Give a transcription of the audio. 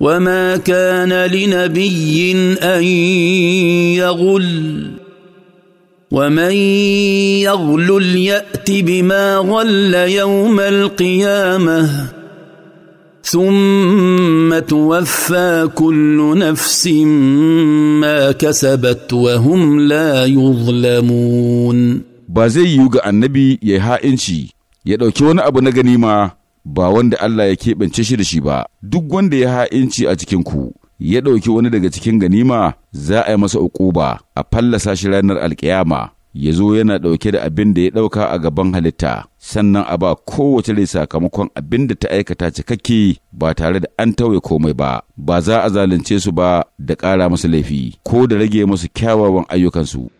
وما كان لنبي ان يغل ومن يغل يات بما غل يوم القيامه ثم توفى كل نفس ما كسبت وهم لا يظلمون بازي يوغا النبي يها انشي ya ha'inci ya ɗauki ba wanda Allah ya keɓance shi da shi ba, duk wanda ya ha'inci a cikinku, ya ɗauki wani daga cikin ganima za a yi masa uquba a fallasa shi ranar alƙiyama ya zo yana ɗauke da abin da ya ɗauka a gaban halitta, sannan a ba kowace rai sakamakon abin da ta aikata cikakke ba tare da an tauye komai ba, ba za a zalunce su ba da ƙara masu laifi, ko da rage masu kyawawan ayyukansu.